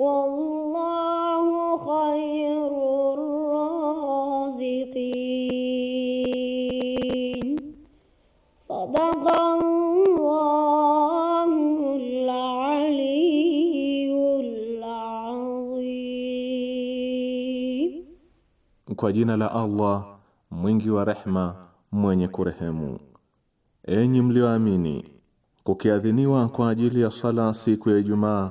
wallahu khairur raziqin. Kwa jina la Allah mwingi wa rehma mwenye kurehemu. Enyi mlioamini, kukiadhiniwa kwa ajili ya sala siku ya Ijumaa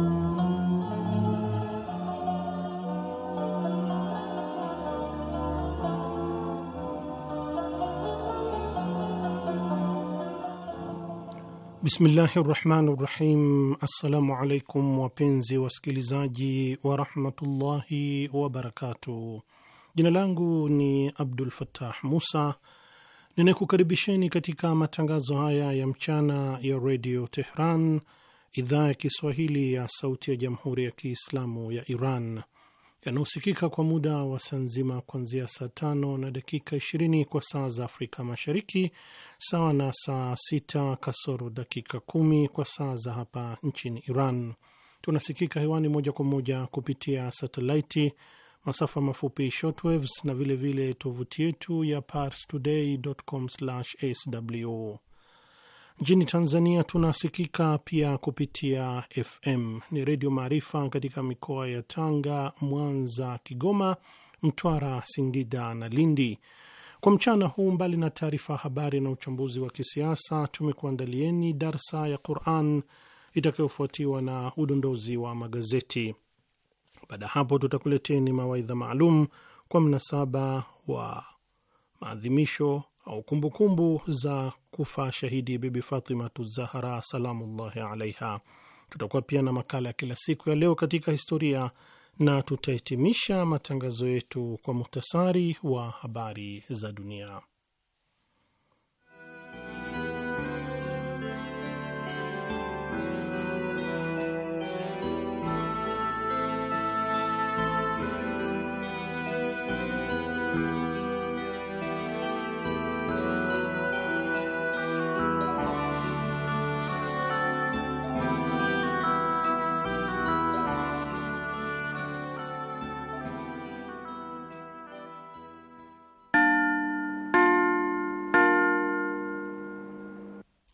Bismillahi rahmani rahim. Assalamu alaikum wapenzi wasikilizaji warahmatullahi wabarakatuh. Jina langu ni Abdul Fattah Musa, ninakukaribisheni katika matangazo haya ya mchana ya redio Tehran, idhaa ya Kiswahili ya sauti ya jamhuri ya Kiislamu ya Iran yanaosikika kwa muda wa saa nzima kuanzia saa tano na dakika 20 kwa saa za Afrika Mashariki, sawa na saa sita kasoro dakika kumi kwa saa za hapa nchini Iran. Tunasikika hewani moja kwa moja kupitia satelaiti, masafa mafupi shortwaves na vilevile tovuti yetu ya parstoday.com/sw. Nchini Tanzania tunasikika pia kupitia FM ni Redio Maarifa katika mikoa ya Tanga, Mwanza, Kigoma, Mtwara, Singida na Lindi. Kwa mchana huu, mbali na taarifa ya habari na uchambuzi wa kisiasa, tumekuandalieni darsa ya Quran itakayofuatiwa na udondozi wa magazeti. Baada ya hapo, tutakuleteni mawaidha maalum kwa mnasaba wa maadhimisho au kumbukumbu za kufa shahidi Bibi Fatimatu Zahara salamullahi alaiha. Tutakuwa pia na makala ya kila siku ya leo katika historia na tutahitimisha matangazo yetu kwa muhtasari wa habari za dunia.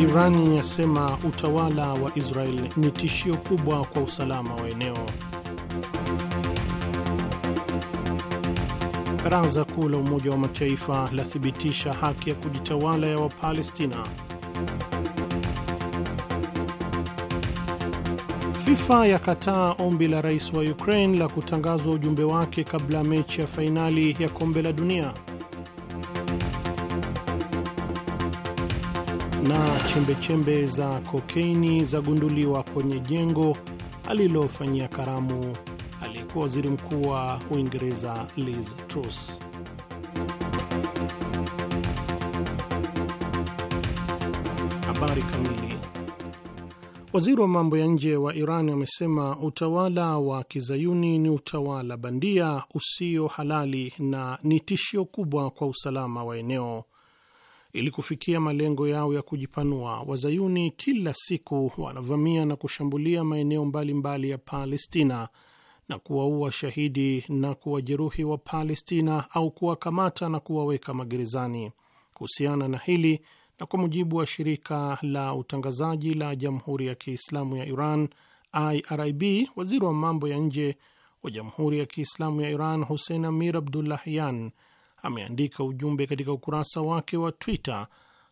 Irani yasema utawala wa Israel ni tishio kubwa kwa usalama wa eneo. Baraza Kuu la Umoja wa Mataifa lathibitisha haki ya kujitawala ya Wapalestina. FIFA yakataa ombi la rais wa Ukraine la kutangazwa ujumbe wake kabla mechi ya fainali ya kombe la dunia. na chembechembe -chembe za kokeini zagunduliwa kwenye jengo alilofanyia karamu aliyekuwa waziri mkuu wa Uingereza Liz Truss. Habari kamili. Waziri wa mambo ya nje wa Iran amesema utawala wa kizayuni ni utawala bandia usio halali na ni tishio kubwa kwa usalama wa eneo. Ili kufikia malengo yao ya kujipanua, wazayuni kila siku wanavamia na kushambulia maeneo mbalimbali ya Palestina na kuwaua shahidi na kuwajeruhi wa Palestina au kuwakamata na kuwaweka magerezani. Kuhusiana na hili, na kwa mujibu wa shirika la utangazaji la Jamhuri ya Kiislamu ya Iran IRIB, waziri wa mambo ya nje wa Jamhuri ya Kiislamu ya Iran Hussein Amir Abdullahian ameandika ujumbe katika ukurasa wake wa Twitter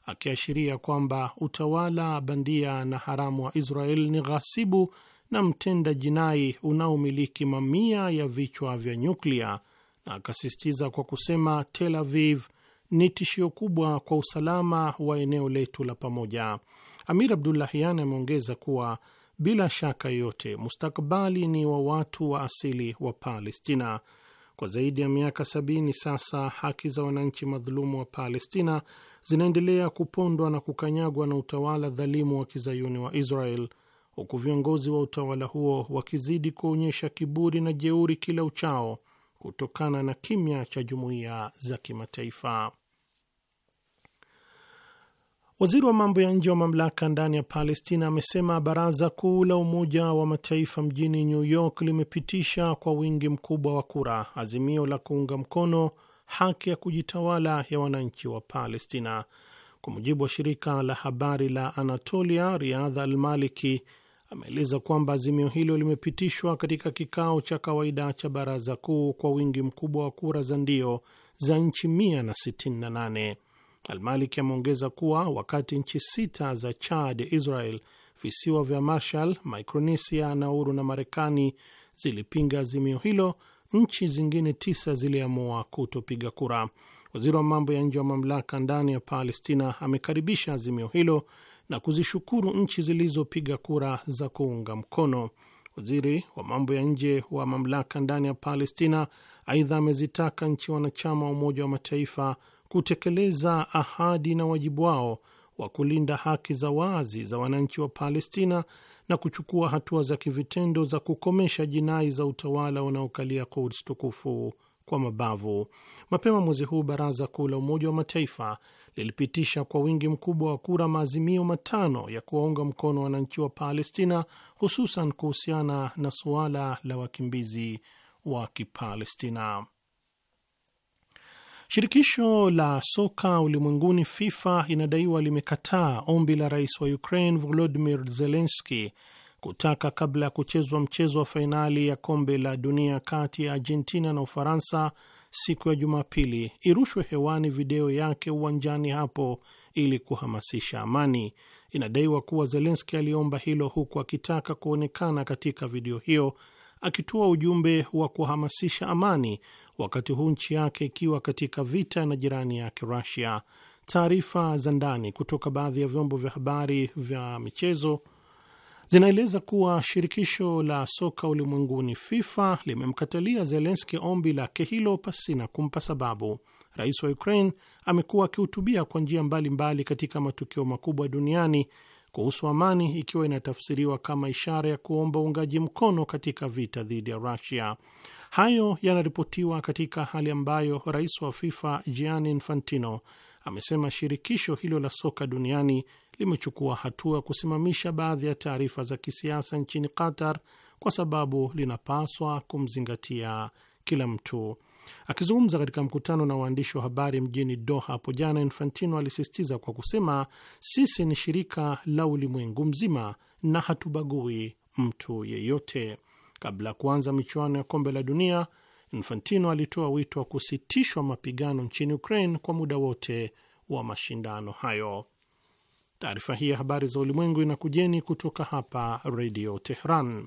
akiashiria kwamba utawala bandia na haramu wa Israel ni ghasibu na mtenda jinai unaomiliki mamia ya vichwa vya nyuklia, na akasisitiza kwa kusema Tel Aviv ni tishio kubwa kwa usalama wa eneo letu la pamoja. Amir Abdullahian ameongeza kuwa bila shaka yoyote mustakabali ni wa watu wa asili wa Palestina kwa zaidi ya miaka sabini sasa, haki za wananchi madhulumu wa Palestina zinaendelea kupondwa na kukanyagwa na utawala dhalimu wa kizayuni wa Israel, huku viongozi wa utawala huo wakizidi kuonyesha kiburi na jeuri kila uchao kutokana na kimya cha jumuiya za kimataifa. Waziri wa mambo ya nje wa mamlaka ndani ya Palestina amesema baraza kuu la Umoja wa Mataifa mjini New York limepitisha kwa wingi mkubwa wa kura azimio la kuunga mkono haki ya kujitawala ya wananchi wa Palestina. Kwa mujibu wa shirika la habari la Anatolia, Riadha Almaliki ameeleza kwamba azimio hilo limepitishwa katika kikao cha kawaida cha baraza kuu kwa wingi mkubwa wa kura za ndio za nchi 168. Almaliki ameongeza kuwa wakati nchi sita za Chad, Israel, visiwa vya Marshall, Micronesia, Nauru na Marekani zilipinga azimio hilo, nchi zingine tisa ziliamua kutopiga kura. Waziri wa mambo ya nje wa mamlaka ndani ya Palestina amekaribisha azimio hilo na kuzishukuru nchi zilizopiga kura za kuunga mkono. Waziri wa mambo ya nje wa mamlaka ndani ya Palestina aidha amezitaka nchi wanachama wa Umoja wa Mataifa kutekeleza ahadi na wajibu wao wa kulinda haki za wazi za wananchi wa Palestina na kuchukua hatua za kivitendo za kukomesha jinai za utawala unaokalia Quds tukufu kwa mabavu. Mapema mwezi huu Baraza Kuu la Umoja wa Mataifa lilipitisha kwa wingi mkubwa wa kura maazimio matano ya kuwaunga mkono wananchi wa Palestina, hususan kuhusiana na suala la wakimbizi wa Kipalestina. Shirikisho la soka ulimwenguni FIFA inadaiwa limekataa ombi la rais wa Ukraine Volodimir Zelenski kutaka kabla ya kuchezwa mchezo wa fainali ya kombe la dunia kati ya Argentina na Ufaransa siku ya Jumapili irushwe hewani video yake uwanjani hapo ili kuhamasisha amani. Inadaiwa kuwa Zelenski aliomba hilo huku akitaka kuonekana katika video hiyo akitoa ujumbe wa kuhamasisha amani wakati huu nchi yake ikiwa katika vita na jirani yake Rusia. Taarifa za ndani kutoka baadhi ya vyombo vya habari vya michezo zinaeleza kuwa shirikisho la soka ulimwenguni FIFA limemkatalia Zelenski ombi lake hilo pasina kumpa sababu. Rais wa Ukraine amekuwa akihutubia kwa njia mbalimbali katika matukio makubwa duniani kuhusu amani, ikiwa inatafsiriwa kama ishara ya kuomba uungaji mkono katika vita dhidi ya rusia Hayo yanaripotiwa katika hali ambayo rais wa FIFA Gianni Infantino amesema shirikisho hilo la soka duniani limechukua hatua kusimamisha baadhi ya taarifa za kisiasa nchini Qatar kwa sababu linapaswa kumzingatia kila mtu. Akizungumza katika mkutano na waandishi wa habari mjini Doha hapo jana, Infantino alisisitiza kwa kusema, sisi ni shirika la ulimwengu mzima na hatubagui mtu yeyote. Kabla ya kuanza michuano ya kombe la dunia, Infantino alitoa wito wa kusitishwa mapigano nchini Ukraine kwa muda wote wa mashindano hayo. Taarifa hii ya habari za ulimwengu inakujeni kutoka hapa Redio Tehran.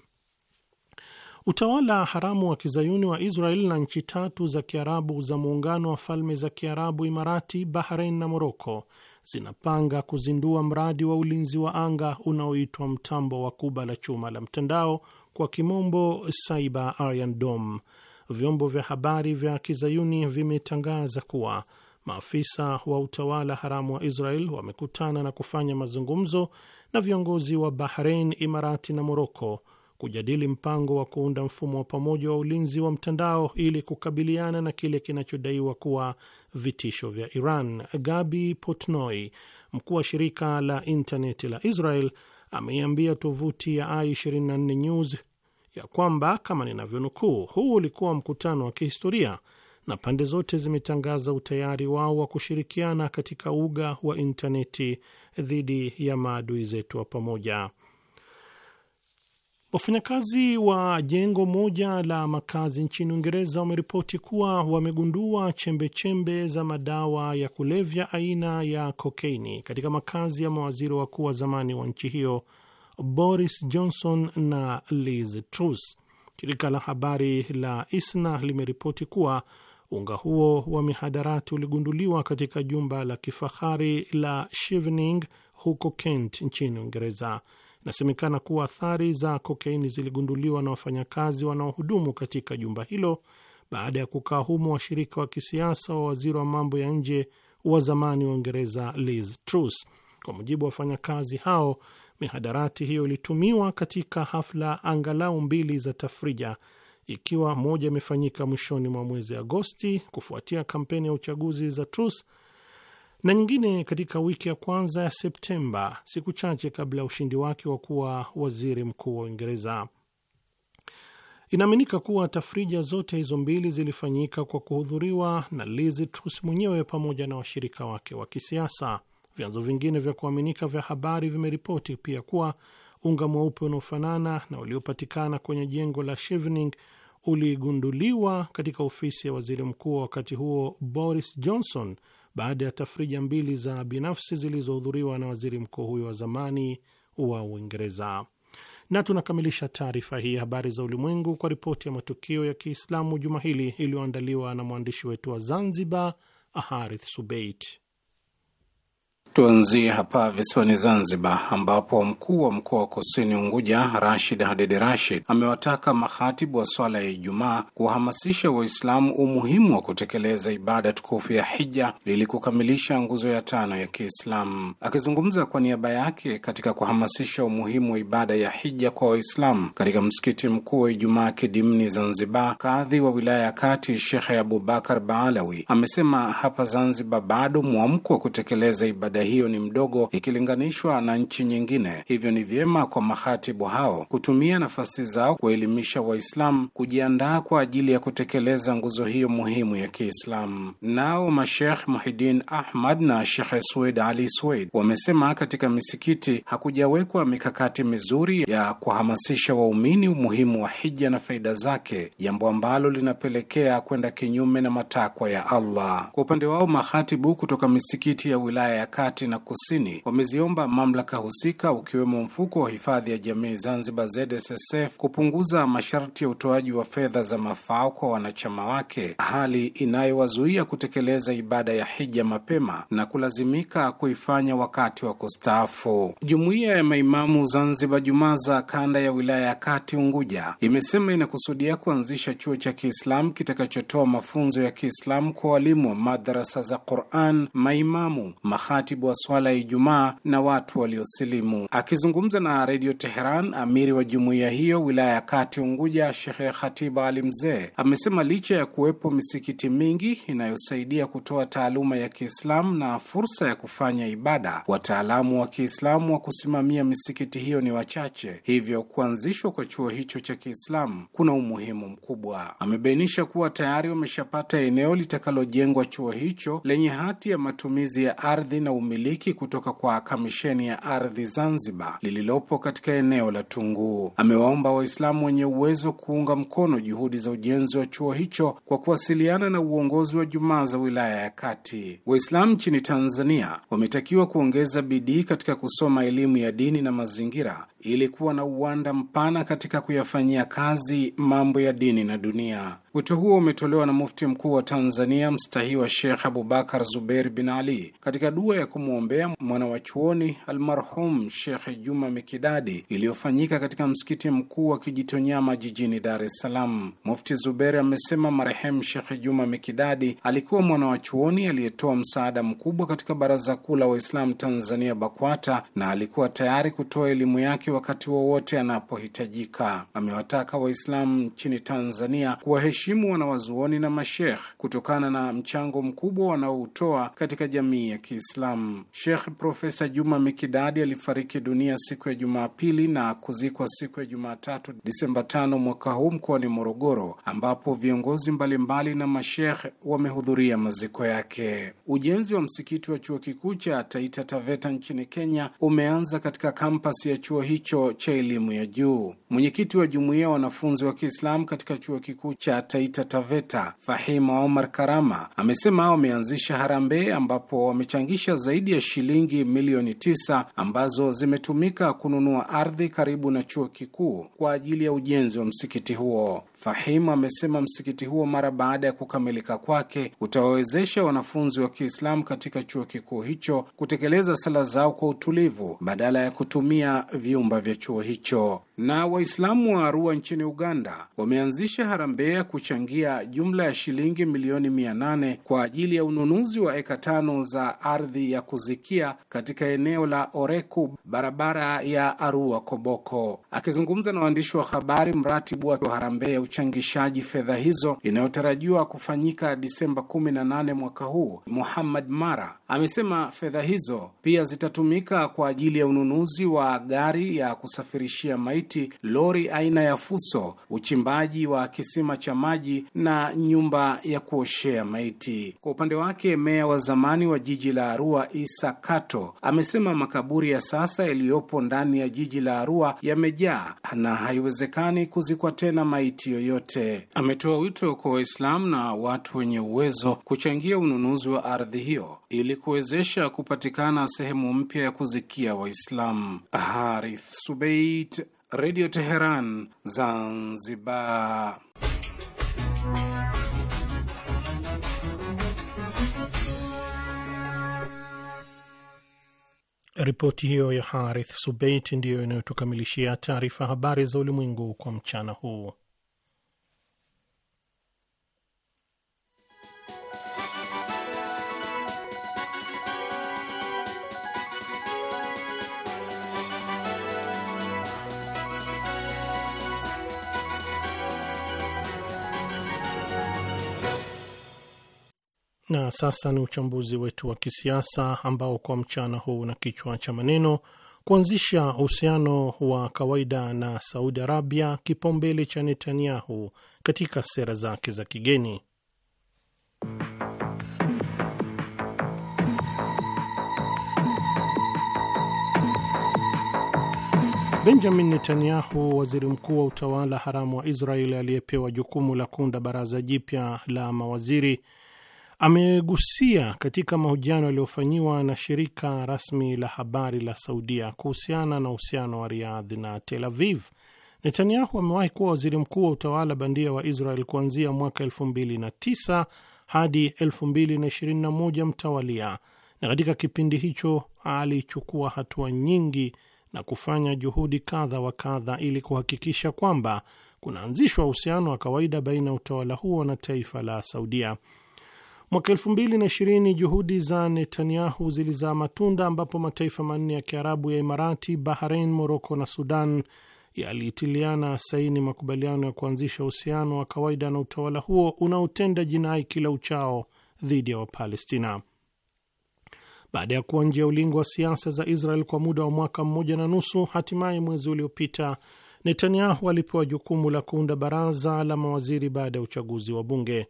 Utawala haramu wa kizayuni wa Israel na nchi tatu za kiarabu za muungano wa falme za Kiarabu, Imarati, Bahrain na Moroko zinapanga kuzindua mradi wa ulinzi wa anga unaoitwa mtambo wa kuba la chuma la mtandao kwa kimombo Cyber Iron Dome, vyombo vya habari vya kizayuni vimetangaza kuwa maafisa wa utawala haramu wa Israel wamekutana na kufanya mazungumzo na viongozi wa Bahrain, Imarati na Moroko kujadili mpango wa kuunda mfumo wa pamoja wa ulinzi wa mtandao ili kukabiliana na kile kinachodaiwa kuwa vitisho vya Iran. Gabi potnoy mkuu wa shirika la intaneti la Israel, ameiambia tovuti ya i24 News ya kwamba kama ninavyonukuu, huu ulikuwa mkutano wa kihistoria na pande zote zimetangaza utayari wao wa kushirikiana katika uga wa intaneti dhidi ya maadui zetu wa pamoja. Wafanyakazi wa jengo moja la makazi nchini Uingereza wameripoti kuwa wamegundua chembechembe za madawa ya kulevya aina ya kokeini katika makazi ya mawaziri wakuu wa zamani wa nchi hiyo Boris Johnson na Liz Truss. Shirika la habari la ISNA limeripoti kuwa unga huo wa mihadarati uligunduliwa katika jumba la kifahari la Chevening huko Kent nchini Uingereza. Inasemekana kuwa athari za kokaini ziligunduliwa na wafanyakazi wanaohudumu katika jumba hilo baada ya kukaa humo washirika wa kisiasa wa waziri wa mambo ya nje wa zamani wa Uingereza Liz Truss. Kwa mujibu wa wafanyakazi hao, Mihadarati hiyo ilitumiwa katika hafla angalau mbili za tafrija, ikiwa moja imefanyika mwishoni mwa mwezi Agosti kufuatia kampeni ya uchaguzi za Trus na nyingine katika wiki ya kwanza ya Septemba, siku chache kabla ya ushindi wake wa kuwa waziri mkuu wa Uingereza. Inaaminika kuwa tafrija zote hizo mbili zilifanyika kwa kuhudhuriwa na Liz Truss mwenyewe pamoja na washirika wake wa kisiasa. Vyanzo vingine vya kuaminika vya habari vimeripoti pia kuwa unga mweupe unaofanana na uliopatikana kwenye jengo la Chevening uligunduliwa katika ofisi ya waziri mkuu wa wakati huo Boris Johnson baada ya tafrija mbili za binafsi zilizohudhuriwa na waziri mkuu huyo wa zamani wa Uingereza. Na tunakamilisha taarifa hii habari za ulimwengu kwa ripoti ya matukio ya Kiislamu juma hili iliyoandaliwa na mwandishi wetu wa Zanzibar, Aharith Subeit. Tuanzie hapa visiwani Zanzibar, ambapo mkuu wa mkoa wa kusini Unguja, Rashid Hadid Rashid, amewataka mahatibu wa swala ya Ijumaa kuwahamasisha Waislamu umuhimu wa kutekeleza ibada tukufu ya hija ili kukamilisha nguzo ya tano ya Kiislamu. Akizungumza kwa niaba yake katika kuhamasisha umuhimu wa ibada ya hija kwa Waislamu katika msikiti mkuu wa Ijumaa Kidimni, Zanzibar, kadhi wa wilaya ya Kati Shekhe Abubakar Baalawi amesema hapa Zanzibar bado mwamko wa kutekeleza ibada hiyo ni mdogo ikilinganishwa na nchi nyingine. Hivyo ni vyema kwa mahatibu hao kutumia nafasi zao kuelimisha Waislamu kujiandaa kwa ajili ya kutekeleza nguzo hiyo muhimu ya Kiislamu. Nao mashekh Muhidin Ahmad na Shekhe Swed Ali Swed wamesema katika misikiti hakujawekwa mikakati mizuri ya kuhamasisha waumini umuhimu wa hija na faida zake, jambo ambalo linapelekea kwenda kinyume na matakwa ya Allah. Kwa upande wao mahatibu kutoka misikiti ya wilaya ya Kati kati na kusini wameziomba mamlaka husika ukiwemo mfuko wa hifadhi ya jamii Zanzibar ZSSF kupunguza masharti ya utoaji wa fedha za mafao kwa wanachama wake, hali inayowazuia kutekeleza ibada ya hija mapema na kulazimika kuifanya wakati wa kustaafu. Jumuiya ya maimamu Zanzibar Jumaza kanda ya wilaya ya kati Unguja imesema inakusudia kuanzisha chuo cha Kiislamu kitakachotoa mafunzo ya Kiislamu kwa walimu wa madarasa za Quran, maimamu, mahati uratibu wa swala ya Ijumaa na watu waliosilimu. Akizungumza na Redio Teheran, amiri wa jumuiya hiyo wilaya ya Kati Unguja, Shekhe Khatiba Ali Mzee amesema licha ya kuwepo misikiti mingi inayosaidia kutoa taaluma ya Kiislamu na fursa ya kufanya ibada, wataalamu wa Kiislamu wa kusimamia misikiti hiyo ni wachache, hivyo kuanzishwa kwa chuo hicho cha Kiislamu kuna umuhimu mkubwa. Amebainisha kuwa tayari wameshapata eneo litakalojengwa chuo hicho lenye hati ya matumizi ya ardhi na umiliki kutoka kwa kamisheni ya ardhi Zanzibar lililopo katika eneo la Tunguu. Amewaomba Waislamu wenye uwezo kuunga mkono juhudi za ujenzi wa chuo hicho kwa kuwasiliana na uongozi wa Jumaa za wilaya ya Kati. Waislamu nchini Tanzania wametakiwa kuongeza bidii katika kusoma elimu ya dini na mazingira ili kuwa na uwanda mpana katika kuyafanyia kazi mambo ya dini na dunia. Wito huo umetolewa na mufti mkuu wa Tanzania mstahiwa Shekh Abubakar Zuberi bin Ali katika dua ya kumwombea mwana wa chuoni almarhum Shekh Juma Mikidadi iliyofanyika katika msikiti mkuu wa Kijitonyama jijini Dar es Salaam. Mufti Zuberi amesema marehemu Shekh Juma Mikidadi alikuwa mwana wa chuoni aliyetoa msaada mkubwa katika Baraza Kuu la Waislamu Tanzania BAKWATA na alikuwa tayari kutoa elimu yake wakati wowote anapohitajika. Amewataka Waislamu nchini Tanzania kuwaheshimu wanawazuoni na mashekh kutokana na mchango mkubwa wanaoutoa katika jamii ya Kiislamu. Shekh Profesa Juma Mikidadi alifariki dunia siku ya Jumapili na kuzikwa siku ya Jumatatu Disemba tano mwaka huu mkoani Morogoro, ambapo viongozi mbalimbali na mashekh wamehudhuria maziko yake. Ujenzi wa msikiti wa chuo kikuu cha Taita Taveta nchini Kenya umeanza katika kampasi ya chuo hicho hicho cha elimu ya juu. Mwenyekiti wa jumuiya wanafunzi wa Kiislamu katika chuo kikuu cha Taita Taveta, Fahima Omar Karama, amesema wameanzisha harambee ambapo wamechangisha zaidi ya shilingi milioni tisa ambazo zimetumika kununua ardhi karibu na chuo kikuu kwa ajili ya ujenzi wa msikiti huo. Fahim amesema msikiti huo mara baada ya kukamilika kwake utawawezesha wanafunzi wa Kiislamu katika chuo kikuu hicho kutekeleza sala zao kwa utulivu badala ya kutumia vyumba vya chuo hicho na Waislamu wa Arua nchini Uganda wameanzisha harambee ya kuchangia jumla ya shilingi milioni mia nane kwa ajili ya ununuzi wa eka tano za ardhi ya kuzikia katika eneo la Oreku, barabara ya Arua Koboko. Akizungumza na waandishi wa habari, mratibu wa harambee ya uchangishaji fedha hizo inayotarajiwa kufanyika Disemba 18 mwaka huu, Muhammad Mara Amesema fedha hizo pia zitatumika kwa ajili ya ununuzi wa gari ya kusafirishia maiti, lori aina ya fuso, uchimbaji wa kisima cha maji na nyumba ya kuoshea maiti. Kwa upande wake, meya wa zamani wa jiji la Arua Isa Kato amesema makaburi ya sasa yaliyopo ndani ya jiji la Arua yamejaa na haiwezekani kuzikwa tena maiti yoyote. Ametoa wito kwa Waislamu na watu wenye uwezo kuchangia ununuzi wa ardhi hiyo ili kuwezesha kupatikana sehemu mpya ya kuzikia Waislamu. Harith Subeit, Redio Teheran, Zanzibar. Ripoti hiyo ya Harith Subeit ndiyo inayotukamilishia taarifa habari za ulimwengu kwa mchana huu. Na sasa ni uchambuzi wetu wa kisiasa ambao kwa mchana huu na kichwa cha maneno kuanzisha uhusiano wa kawaida na Saudi Arabia, kipaumbele cha Netanyahu katika sera zake za kigeni. Benjamin Netanyahu, waziri mkuu wa utawala haramu wa Israeli aliyepewa jukumu la kuunda baraza jipya la mawaziri amegusia katika mahojiano yaliyofanyiwa na shirika rasmi la habari la Saudia kuhusiana na uhusiano wa riadhi na Tel Aviv. Netanyahu amewahi kuwa waziri mkuu wa utawala bandia wa Israel kuanzia mwaka 2009 hadi 2021 mtawalia, na katika kipindi hicho alichukua hatua nyingi na kufanya juhudi kadha wa kadha ili kuhakikisha kwamba kunaanzishwa uhusiano wa kawaida baina ya utawala huo na taifa la Saudia. Mwaka elfu mbili na ishirini juhudi za Netanyahu zilizaa matunda ambapo mataifa manne ya Kiarabu ya Imarati, Bahrain, Moroko na Sudan yaliitiliana saini makubaliano ya kuanzisha uhusiano wa kawaida na utawala huo unaotenda jinai kila uchao dhidi ya Wapalestina. Baada ya kuwa nje ya ulingo wa siasa za Israel kwa muda wa mwaka mmoja na nusu, hatimaye mwezi uliopita Netanyahu alipewa jukumu la kuunda baraza la mawaziri baada ya uchaguzi wa bunge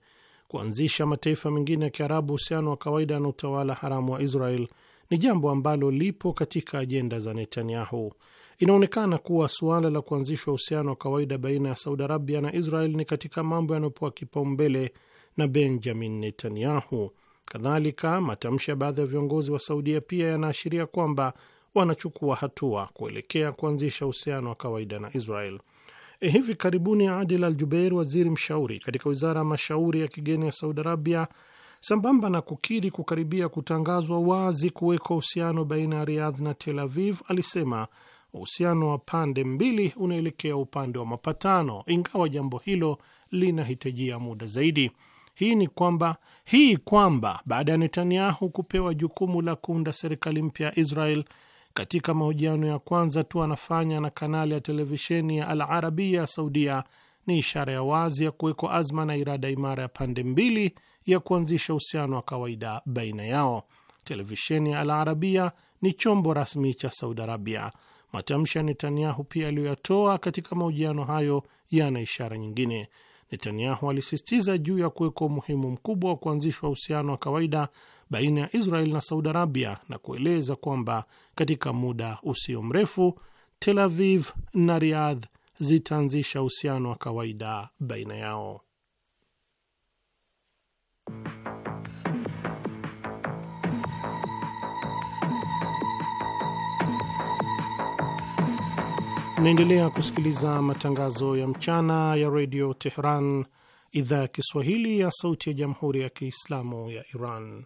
kuanzisha mataifa mengine ya Kiarabu uhusiano wa kawaida na utawala haramu wa Israel ni jambo ambalo lipo katika ajenda za Netanyahu. Inaonekana kuwa suala la kuanzishwa uhusiano wa kawaida baina ya Saudi Arabia na Israel ni katika mambo yanayopewa kipaumbele na Benjamin Netanyahu. Kadhalika, matamshi ya baadhi ya viongozi wa Saudia pia yanaashiria kwamba wanachukua hatua kuelekea kuanzisha uhusiano wa kawaida na Israel. Hivi karibuni Adil Al Jubeir, waziri mshauri katika wizara ya mashauri ya kigeni ya Saudi Arabia, sambamba na kukiri kukaribia kutangazwa wazi kuwekwa uhusiano baina ya Riyadh na Tel Aviv, alisema uhusiano wa pande mbili unaelekea upande wa mapatano, ingawa jambo hilo linahitajia muda zaidi. Hii ni kwamba hii kwamba baada ya Netanyahu kupewa jukumu la kuunda serikali mpya ya Israel katika mahojiano ya kwanza tu anafanya na kanali ya televisheni ya Al Arabia ya Saudia ni ishara ya wazi ya kuwekwa azma na irada imara ya pande mbili ya kuanzisha uhusiano wa kawaida baina yao. Televisheni ya Al Arabia ni chombo rasmi cha Saudi Arabia. Matamshi ya Netanyahu pia aliyoyatoa katika mahojiano hayo yana ishara nyingine. Netanyahu alisisitiza juu ya kuwekwa umuhimu mkubwa wa kuanzishwa uhusiano wa kawaida baina ya Israel na Saudi Arabia na kueleza kwamba katika muda usio mrefu, Tel Aviv na Riyadh zitaanzisha uhusiano wa kawaida baina yao. Naendelea kusikiliza matangazo ya mchana ya redio Tehran, idhaa ya Kiswahili ya sauti ya jamhuri ya kiislamu ya Iran.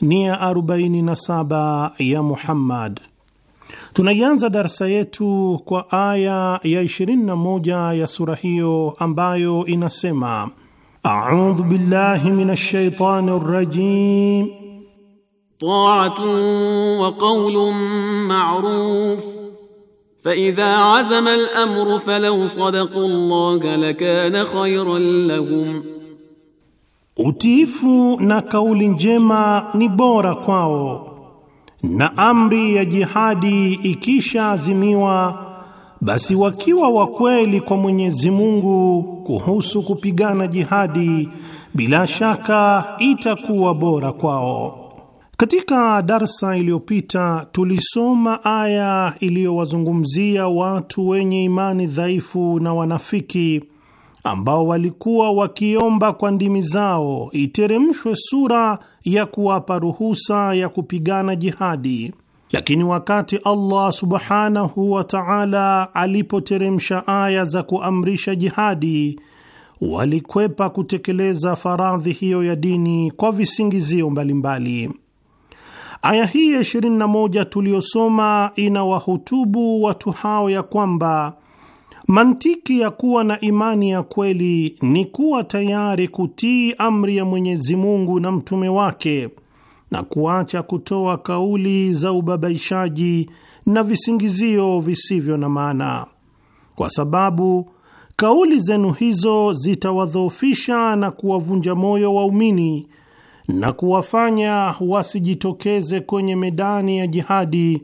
nia 47 ya Muhammad. Tunaianza darsa yetu kwa aya ya 21 ya sura hiyo ambayo inasema: audhu billahi minash shaitani rrajim taatun wa qawlun ma'ruf فإذا عزم الأمر فلو صدقوا الله لكان خيرا لهم Utiifu na kauli njema ni bora kwao, na amri ya jihadi ikishaazimiwa, basi wakiwa wa kweli kwa Mwenyezi Mungu kuhusu kupigana jihadi, bila shaka itakuwa bora kwao. Katika darsa iliyopita tulisoma aya iliyowazungumzia watu wenye imani dhaifu na wanafiki ambao walikuwa wakiomba kwa ndimi zao iteremshwe sura ya kuwapa ruhusa ya kupigana jihadi, lakini wakati Allah subhanahu wa ta'ala alipoteremsha aya za kuamrisha jihadi, walikwepa kutekeleza faradhi hiyo ya dini kwa visingizio mbalimbali. Aya hii ya 21 tuliyosoma inawahutubu watu hao ya kwamba Mantiki ya kuwa na imani ya kweli ni kuwa tayari kutii amri ya Mwenyezi Mungu na mtume wake na kuacha kutoa kauli za ubabaishaji na visingizio visivyo na maana, kwa sababu kauli zenu hizo zitawadhoofisha na kuwavunja moyo waumini na kuwafanya wasijitokeze kwenye medani ya jihadi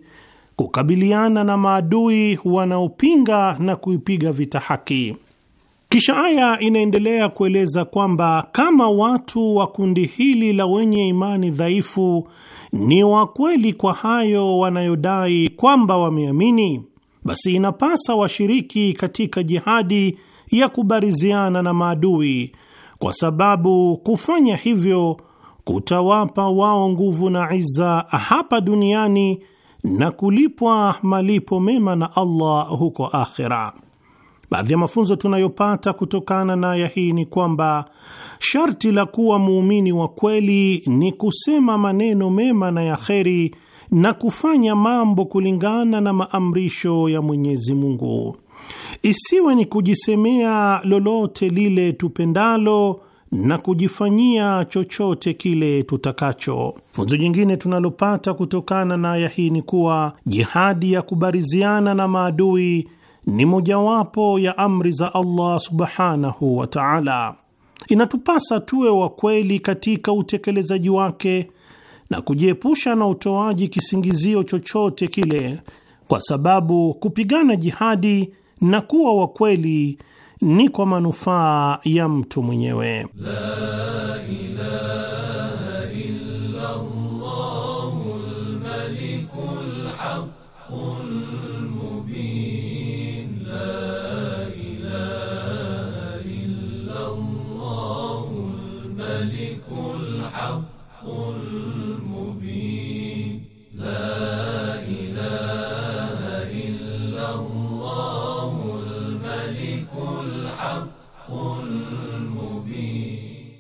kukabiliana na maadui wanaopinga na kuipiga vita haki. Kisha aya inaendelea kueleza kwamba kama watu wa kundi hili la wenye imani dhaifu ni wakweli kwa hayo wanayodai kwamba wameamini, basi inapasa washiriki katika jihadi ya kubariziana na maadui, kwa sababu kufanya hivyo kutawapa wao nguvu na iza hapa duniani na kulipwa malipo mema na Allah huko akhira. Baadhi ya mafunzo tunayopata kutokana na aya hii ni kwamba sharti la kuwa muumini wa kweli ni kusema maneno mema na ya kheri na kufanya mambo kulingana na maamrisho ya Mwenyezi Mungu, isiwe ni kujisemea lolote lile tupendalo na kujifanyia chochote kile tutakacho. Funzo jingine tunalopata kutokana na aya hii ni kuwa jihadi ya kubariziana na maadui ni mojawapo ya amri za Allah subhanahu wa ta'ala. Inatupasa tuwe wa kweli katika utekelezaji wake na kujiepusha na utoaji kisingizio chochote kile, kwa sababu kupigana jihadi na kuwa wa kweli ni kwa manufaa ya mtu mwenyewe la ilaha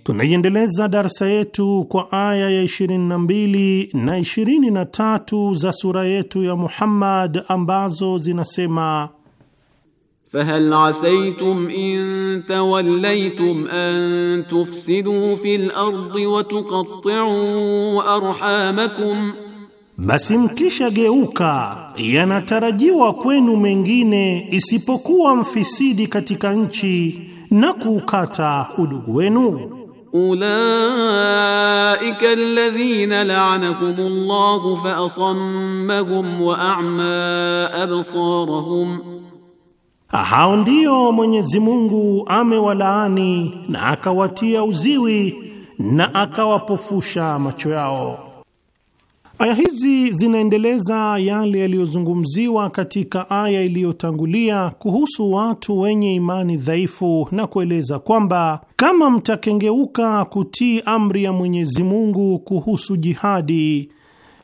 Tunaiendeleza darsa yetu kwa aya ya 22 na 23 za sura yetu ya Muhammad ambazo zinasema Fahal asaytum in tawallaytum an tufsidu fil ardi wa tuqatti'u arhamakum, basi geuka yanatarajiwa kwenu mengine isipokuwa mfisidi katika nchi na kuukata udugu wenu. Ulaika alladhina la'anahumullahu fa asammahum wa a'ma absarahum, hao ndio Mwenyezi Mungu amewalaani na akawatia uziwi na akawapofusha macho yao. Aya hizi zinaendeleza yale yaliyozungumziwa katika aya iliyotangulia kuhusu watu wenye imani dhaifu na kueleza kwamba kama mtakengeuka kutii amri ya Mwenyezi Mungu kuhusu jihadi,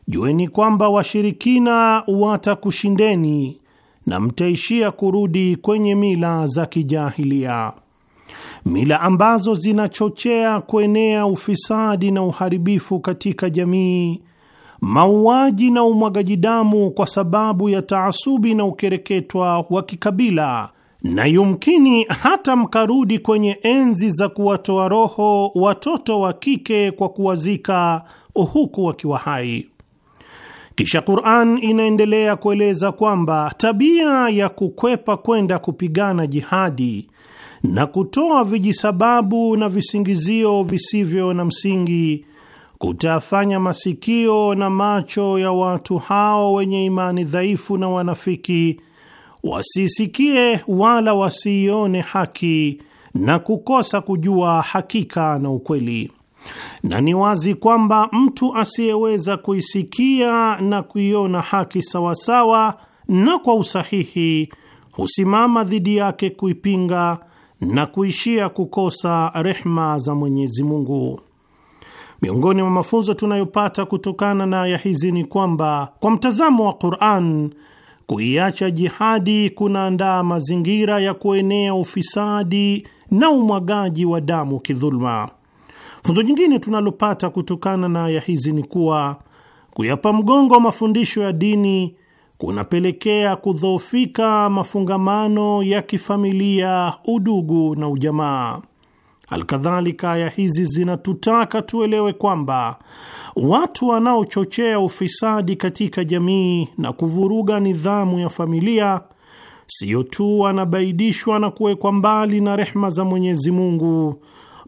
jueni kwamba washirikina watakushindeni na mtaishia kurudi kwenye mila za kijahilia, mila ambazo zinachochea kuenea ufisadi na uharibifu katika jamii mauaji na umwagaji damu kwa sababu ya taasubi na ukereketwa wa kikabila, na yumkini hata mkarudi kwenye enzi za kuwatoa roho watoto wa kike kwa kuwazika huku wakiwa hai. Kisha Qur'an inaendelea kueleza kwamba tabia ya kukwepa kwenda kupigana jihadi na kutoa vijisababu na visingizio visivyo na msingi kutafanya masikio na macho ya watu hao wenye imani dhaifu na wanafiki wasisikie wala wasiione haki na kukosa kujua hakika na ukweli. Na ni wazi kwamba mtu asiyeweza kuisikia na kuiona haki sawasawa na kwa usahihi husimama dhidi yake kuipinga na kuishia kukosa rehma za Mwenyezi Mungu. Miongoni mwa mafunzo tunayopata kutokana na aya hizi ni kwamba kwa mtazamo wa Qur'an, kuiacha jihadi kunaandaa mazingira ya kuenea ufisadi na umwagaji wa damu kidhuluma. Funzo jingine tunalopata kutokana na aya hizi ni kuwa kuyapa mgongo wa mafundisho ya dini kunapelekea kudhoofika mafungamano ya kifamilia, udugu na ujamaa. Alkadhalika, aya hizi zinatutaka tuelewe kwamba watu wanaochochea ufisadi katika jamii na kuvuruga nidhamu ya familia sio tu wanabaidishwa na kuwekwa mbali na rehma za Mwenyezi Mungu,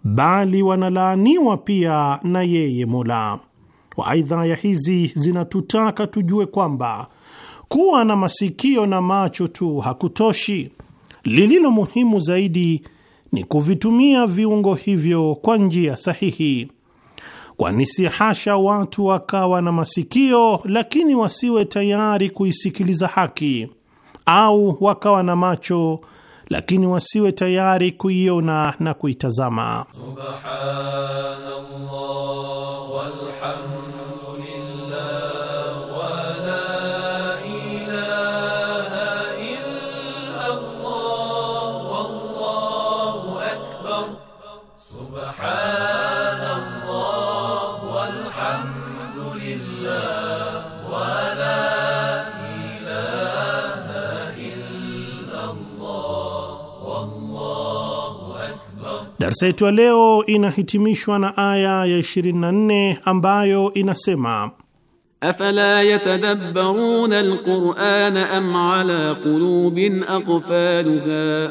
bali wanalaaniwa pia na yeye Mola. Waaidha, aya hizi zinatutaka tujue kwamba kuwa na masikio na macho tu hakutoshi. Lililo muhimu zaidi ni kuvitumia viungo hivyo kwa njia sahihi, kwani si hasha watu wakawa na masikio lakini wasiwe tayari kuisikiliza haki, au wakawa na macho lakini wasiwe tayari kuiona na kuitazama. Subhanallah walhamdulillah Darsa yetu ya leo inahitimishwa na aya ya 24 ambayo inasema afala yatadabbaruna alqur'ana am ala qulubin aqfalha,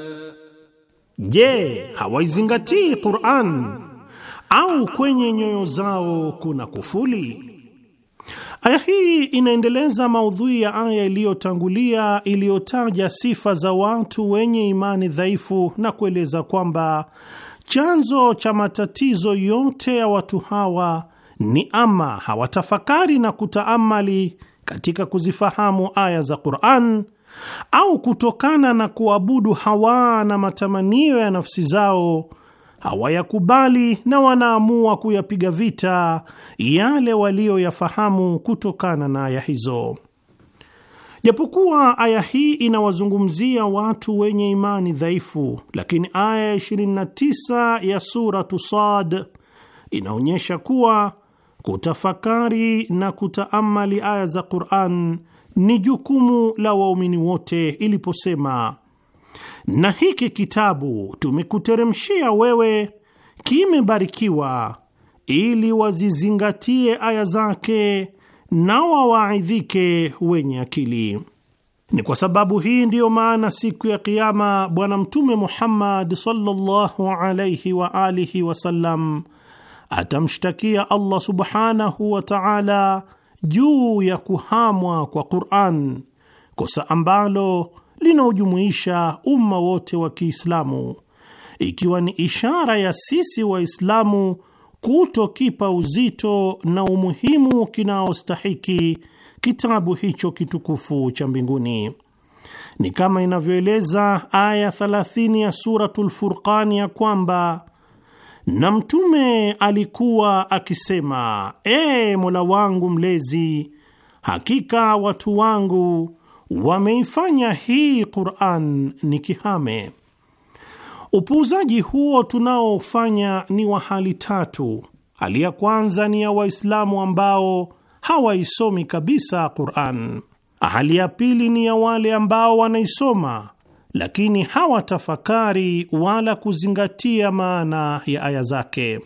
je, hawaizingatii Qur'an au kwenye nyoyo zao kuna kufuli? Aya hii inaendeleza maudhui ya aya iliyotangulia iliyotaja sifa za watu wenye imani dhaifu na kueleza kwamba Chanzo cha matatizo yote ya watu hawa ni ama hawatafakari na kutaamali katika kuzifahamu aya za Qur'an au kutokana na kuabudu hawa na matamanio ya nafsi zao hawayakubali na wanaamua kuyapiga vita yale waliyoyafahamu kutokana na aya hizo. Japokuwa aya hii inawazungumzia watu wenye imani dhaifu, lakini aya 29 ya suratu Sad inaonyesha kuwa kutafakari na kutaamali aya za Qur'an ni jukumu la waumini wote iliposema, na hiki kitabu tumekuteremshia wewe kimebarikiwa, ili wazizingatie aya zake na wawaidhike wenye akili. Ni kwa sababu hii ndiyo maana siku ya Kiama Bwana Mtume Muhammad sallallahu alaihi wa alihi wasallam atamshtakia Allah subhanahu wa taala juu ya kuhamwa kwa Quran, kosa ambalo linaojumuisha umma wote wa Kiislamu, ikiwa ni ishara ya sisi Waislamu kutokipa uzito na umuhimu kinaostahiki kitabu hicho kitukufu cha mbinguni. Ni kama inavyoeleza aya 30 ya Suratul Furqani ya kwamba na Mtume alikuwa akisema, E Mola wangu Mlezi, hakika watu wangu wameifanya hii Quran ni kihame. Upuuzaji huo tunaofanya ni wa hali tatu. Hali ya kwanza ni ya Waislamu ambao hawaisomi kabisa Quran. Hali ya pili ni ya wale ambao wanaisoma lakini hawatafakari wala kuzingatia maana ya aya zake,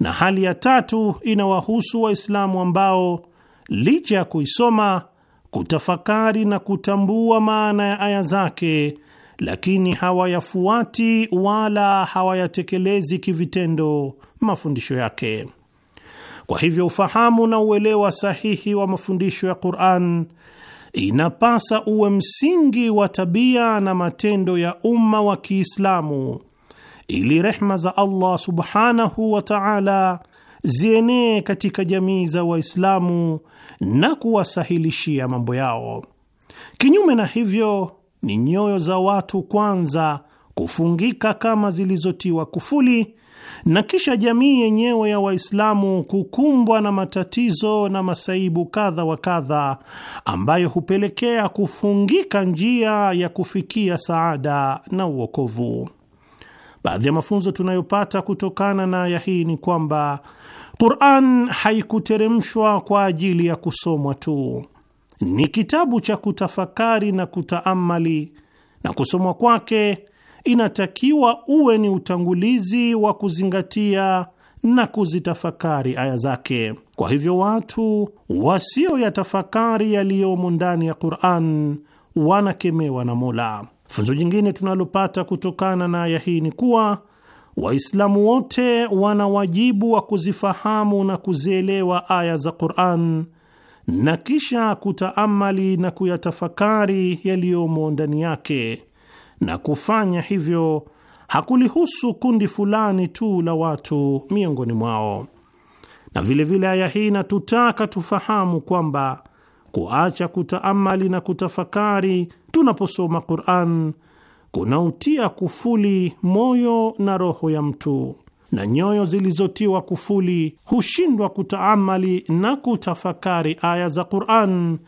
na hali ya tatu inawahusu Waislamu ambao licha ya kuisoma, kutafakari na kutambua maana ya aya zake lakini hawayafuati wala hawayatekelezi kivitendo mafundisho yake. Kwa hivyo, ufahamu na uelewa sahihi wa mafundisho ya Qur'an inapasa uwe msingi wa tabia na matendo ya umma wa Kiislamu ili rehma za Allah subhanahu wa ta'ala zienee katika jamii za Waislamu na kuwasahilishia mambo yao. Kinyume na hivyo ni nyoyo za watu kwanza kufungika kama zilizotiwa kufuli na kisha jamii yenyewe ya Waislamu kukumbwa na matatizo na masaibu kadha wa kadha ambayo hupelekea kufungika njia ya kufikia saada na uokovu. Baadhi ya mafunzo tunayopata kutokana na aya hii ni kwamba Qur'an haikuteremshwa kwa ajili ya kusomwa tu ni kitabu cha kutafakari na kutaamali, na kusomwa kwake inatakiwa uwe ni utangulizi wa kuzingatia na kuzitafakari aya zake. Kwa hivyo watu wasio tafakari yaliyomo ndani ya Qur'an wanakemewa na Mola. Funzo jingine tunalopata kutokana na aya hii ni kuwa Waislamu wote wana wajibu wa kuzifahamu na kuzielewa aya za Qur'an na kisha kutaamali na kuyatafakari yaliyomo ndani yake, na kufanya hivyo hakulihusu kundi fulani tu la watu miongoni mwao. Na vilevile aya hii inatutaka tufahamu kwamba kuacha kutaamali na kutafakari tunaposoma Qur'an kunautia kufuli moyo na roho ya mtu na nyoyo zilizotiwa kufuli hushindwa kutaamali na kutafakari aya za Qur'an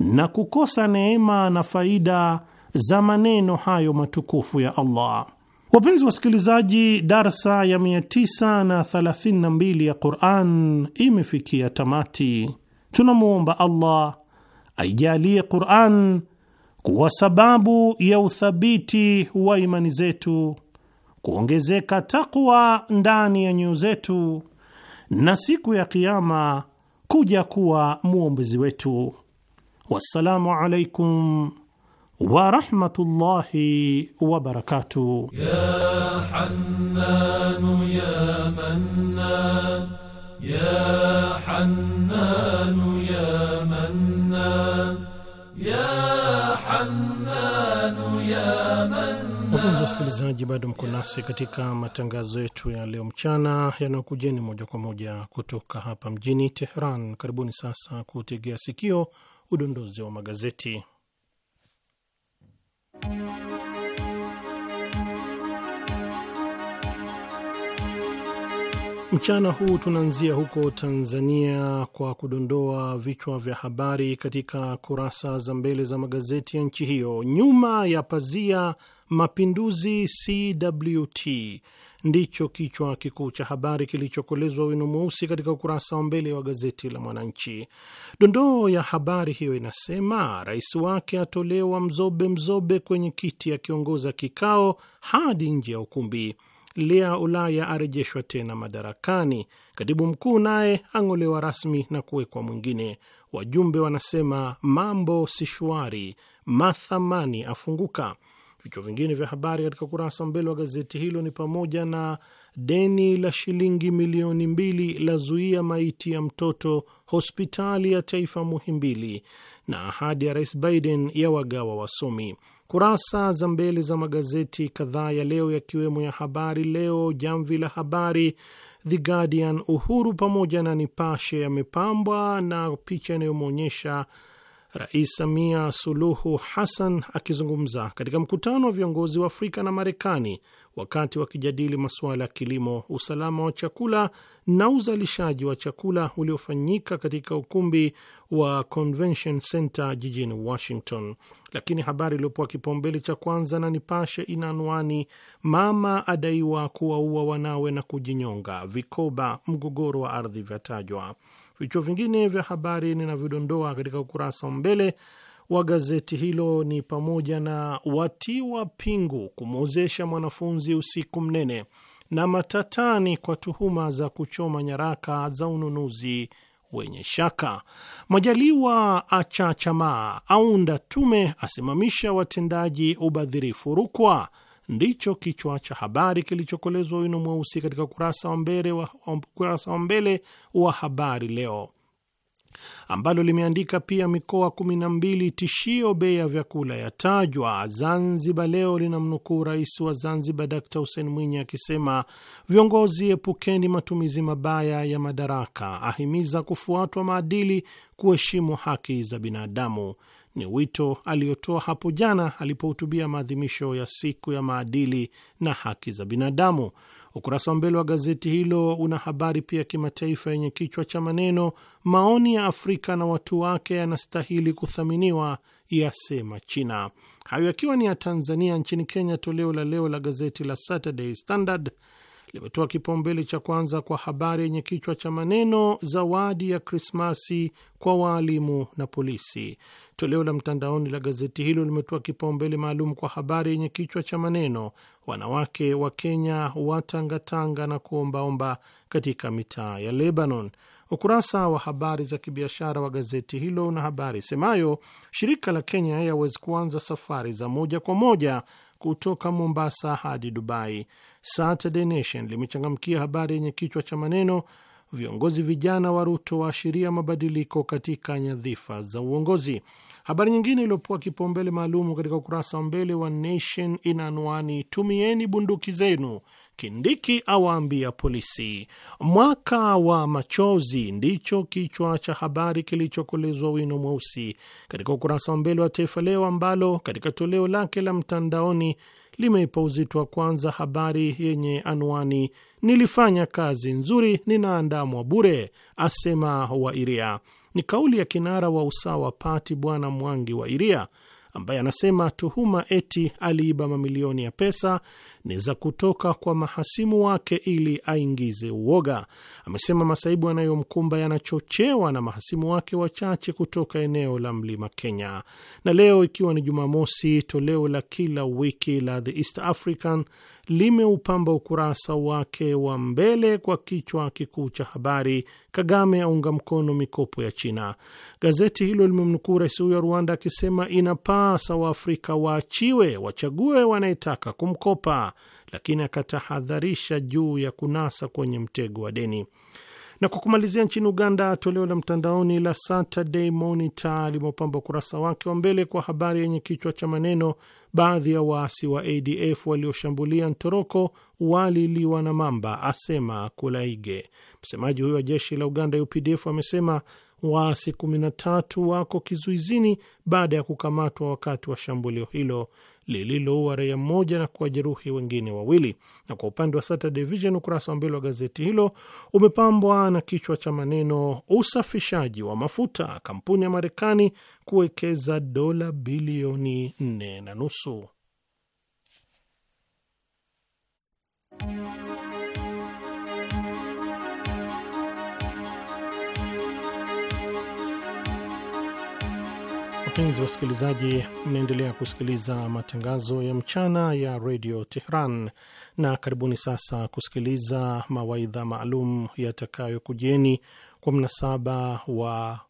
na kukosa neema na faida za maneno hayo matukufu ya Allah. Wapenzi wasikilizaji, darsa ya 932 ya Qur'an imefikia tamati. Tunamwomba Allah aijalie Qur'an kuwa sababu ya uthabiti wa imani zetu kuongezeka takwa ndani ya nyoyo zetu na siku ya Kiama kuja kuwa mwombezi wetu. Wassalamu alaikum warahmatullahi wabarakatuh. ya Wapenzi wasikilizaji, bado mko nasi katika matangazo yetu ya leo mchana yanayokujeni moja kwa moja kutoka hapa mjini Teheran. Karibuni sasa kutegea sikio udondozi wa magazeti. Mchana huu tunaanzia huko Tanzania kwa kudondoa vichwa vya habari katika kurasa za mbele za magazeti ya nchi hiyo. Nyuma ya pazia mapinduzi CWT ndicho kichwa kikuu cha habari kilichokolezwa wino mweusi katika ukurasa wa mbele wa gazeti la Mwananchi. Dondoo ya habari hiyo inasema rais wake atolewa mzobe mzobe kwenye kiti akiongoza kikao hadi nje ya ukumbi. Lea Ulaya arejeshwa tena madarakani. Katibu mkuu naye ang'olewa rasmi na kuwekwa mwingine. Wajumbe wanasema mambo si shwari. Mathamani afunguka. Vichwa vingine vya habari katika kurasa mbele wa gazeti hilo ni pamoja na deni la shilingi milioni mbili la zuia maiti ya mtoto hospitali ya taifa Muhimbili, na ahadi ya Rais Biden ya wagawa wasomi. Kurasa za mbele za magazeti kadhaa ya leo yakiwemo ya Habari Leo, Jamvi la Habari, The Guardian, Uhuru pamoja na Nipashe yamepambwa na picha inayomwonyesha Rais Samia Suluhu Hassan akizungumza katika mkutano wa viongozi wa Afrika na Marekani wakati wakijadili masuala ya kilimo, usalama wa chakula na uzalishaji wa chakula uliofanyika katika ukumbi wa Convention Center jijini Washington. Lakini habari iliyopewa kipaumbele cha kwanza na Nipashe ina anwani mama adaiwa kuwaua wanawe na kujinyonga, vikoba mgogoro wa ardhi vyatajwa. Vichwa vingine vya habari ninavyodondoa katika ukurasa wa mbele wa gazeti hilo ni pamoja na watiwa pingu kumwozesha mwanafunzi usiku mnene na matatani kwa tuhuma za kuchoma nyaraka za ununuzi wenye shaka. Majaliwa achachamaa aunda tume asimamisha watendaji ubadhirifu Rukwa ndicho kichwa cha habari kilichokolezwa wino mweusi katika ukurasa wa mbele wa, ukurasa wa mbele wa Habari Leo, ambalo limeandika pia mikoa kumi na mbili tishio bei ya vyakula yatajwa. Zanzibar Leo linamnukuu rais wa Zanzibar Dkt Hussein Mwinyi akisema viongozi epukeni matumizi mabaya ya madaraka, ahimiza kufuatwa maadili, kuheshimu haki za binadamu ni wito aliotoa hapo jana alipohutubia maadhimisho ya siku ya maadili na haki za binadamu. Ukurasa wa mbele wa gazeti hilo una habari pia ya kimataifa yenye kichwa cha maneno maoni ya Afrika na watu wake yanastahili kuthaminiwa, yasema China. Hayo yakiwa ni ya Tanzania. Nchini Kenya, toleo la leo la gazeti la Saturday Standard limetoa kipaumbele cha kwanza kwa habari yenye kichwa cha maneno zawadi ya Krismasi kwa waalimu na polisi. Toleo la mtandaoni la gazeti hilo limetoa kipaumbele maalum kwa habari yenye kichwa cha maneno wanawake wa Kenya watangatanga na kuombaomba katika mitaa ya Lebanon. Ukurasa wa habari za kibiashara wa gazeti hilo una habari semayo shirika la Kenya Airways kuanza safari za moja kwa moja kutoka Mombasa hadi Dubai. Saturday Nation limechangamkia habari yenye kichwa cha maneno viongozi vijana wa Ruto waashiria mabadiliko katika nyadhifa za uongozi. Habari nyingine iliyopewa kipaumbele maalumu katika ukurasa wa mbele wa Nation ina anwani tumieni bunduki zenu, Kindiki awaambia polisi. Mwaka wa machozi ndicho kichwa cha habari kilichokolezwa wino mweusi katika ukurasa wa mbele wa Taifa Leo, ambalo katika toleo lake la mtandaoni limeipa uzito wa kwanza habari yenye anwani nilifanya kazi nzuri, ninaandamwa bure, asema Wairia. Ni kauli ya kinara wa Usawa Pati Bwana Mwangi wa iria ambaye anasema tuhuma eti aliiba mamilioni ya pesa ni za kutoka kwa mahasimu wake ili aingize uoga. Amesema masaibu yanayomkumba yanachochewa na mahasimu wake wachache kutoka eneo la mlima Kenya. Na leo ikiwa ni Jumamosi, toleo la kila wiki la The East African limeupamba ukurasa wake wa mbele kwa kichwa kikuu cha habari, Kagame aunga mkono mikopo ya China. Gazeti hilo limemnukuu rais huyo wa Rwanda akisema inapasa Waafrika waachiwe wachague wanayetaka kumkopa, lakini akatahadharisha juu ya kunasa kwenye mtego wa deni. Na kwa kumalizia, nchini Uganda, toleo la mtandaoni la Saturday Monitor limepamba ukurasa wake wa mbele kwa habari yenye kichwa cha maneno, baadhi ya waasi wa ADF walioshambulia Ntoroko waliliwa na mamba, asema Kulaige. Msemaji huyo wa jeshi la Uganda UPDF amesema waasi 13 wako kizuizini baada ya kukamatwa wakati wa shambulio hilo lililoua raia mmoja na kuwajeruhi wengine wawili. Na kwa upande wa Saturday Vision, ukurasa wa mbele wa gazeti hilo umepambwa na kichwa cha maneno usafishaji wa mafuta, kampuni ya Marekani kuwekeza dola bilioni nne na nusu. Wapenzi wasikilizaji, mnaendelea kusikiliza matangazo ya mchana ya redio Tehran, na karibuni sasa kusikiliza mawaidha maalum yatakayokujeni kwa mnasaba wa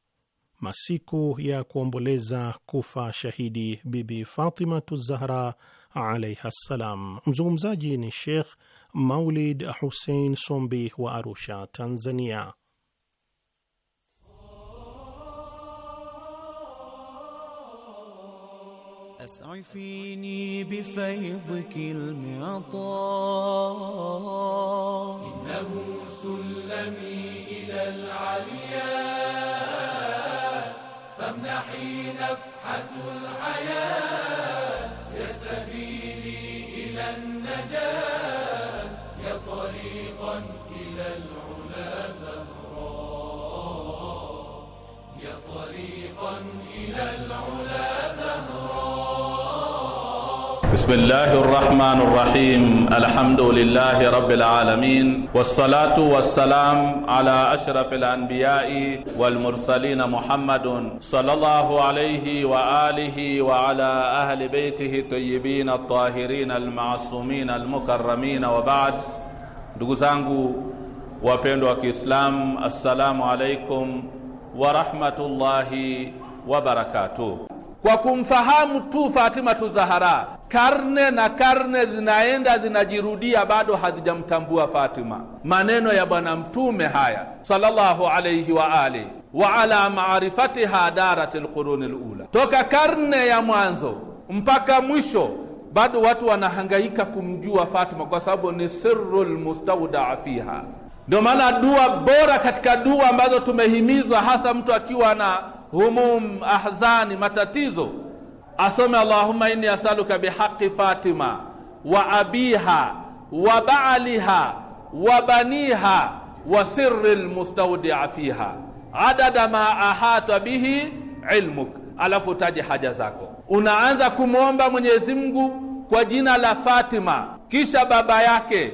masiku ya kuomboleza kufa shahidi Bibi Fatimatu Zahra alaiha ssalam. Mzungumzaji ni Sheikh Maulid Hussein Sombi wa Arusha, Tanzania. أسعفيني بفيضك المعطاء إنه سلمي إلى العلياء فامنحي نفحة الحياة بسم الله الرحمن الرحيم الحمد لله رب العالمين والصلاة والسلام على أشرف الأنبياء والمرسلين محمد صلى الله عليه وآله وعلى أهل بيته الطيبين الطاهرين المعصومين المكرمين وبعد وبيندو wapendwa السلام عليكم ورحمة الله وبركاته kwa kumfahamu tu fatima Zahara. Karne na karne zinaenda zinajirudia, bado hazijamtambua Fatima. Maneno ya Bwana Mtume haya sallallahu alayhi wa alihi wa ala marifatiha darat lquruni lula, toka karne ya mwanzo mpaka mwisho, bado watu wanahangaika kumjua Fatima kwa sababu ni siru lmustaudaa fiha. Ndio maana dua bora katika dua ambazo tumehimizwa, hasa mtu akiwa na humum, ahzani, matatizo, asome allahumma inni asaluka bihaqi Fatima wa abiha wa baaliha wa baniha wa sirri lmustaudia fiha adada ma ahata bihi ilmuk, alafu utaje haja zako. Unaanza kumwomba Mwenyezi Mungu kwa jina la Fatima, kisha baba yake,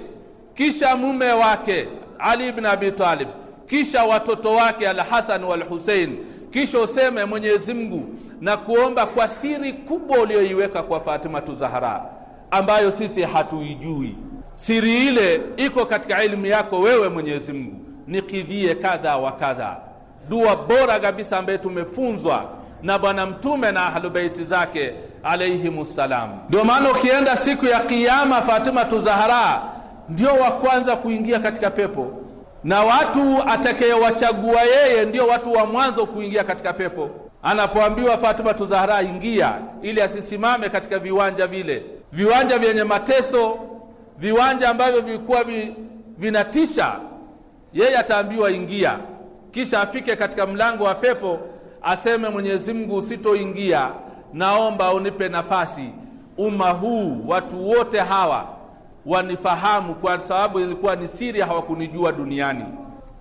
kisha mume wake Ali ibn Abi Talib, kisha watoto wake Alhasan walhusein kisha useme Mwenyezi Mungu na kuomba kwa siri kubwa uliyoiweka kwa fatima Zahra ambayo sisi hatuijui. Siri ile iko katika elimu yako wewe Mwenyezi Mungu, nikidhie kadha wa kadha. Dua bora kabisa ambaye tumefunzwa na Bwana Mtume na Ahlubeiti zake alaihimussalam. Ndio maana ukienda siku ya Kiyama, fatima Zahra ndio wa kwanza kuingia katika pepo na watu atakayewachagua yeye ndio watu wa mwanzo kuingia katika pepo. Anapoambiwa Fatuma Tuzahara, ingia, ili asisimame katika viwanja vile, viwanja vyenye mateso, viwanja ambavyo vilikuwa vi, vinatisha. Yeye ataambiwa ingia, kisha afike katika mlango wa pepo, aseme Mwenyezi Mungu, usitoingia, naomba unipe nafasi. Umma huu watu wote hawa wanifahamu, kwa sababu ilikuwa ni siri, hawakunijua duniani.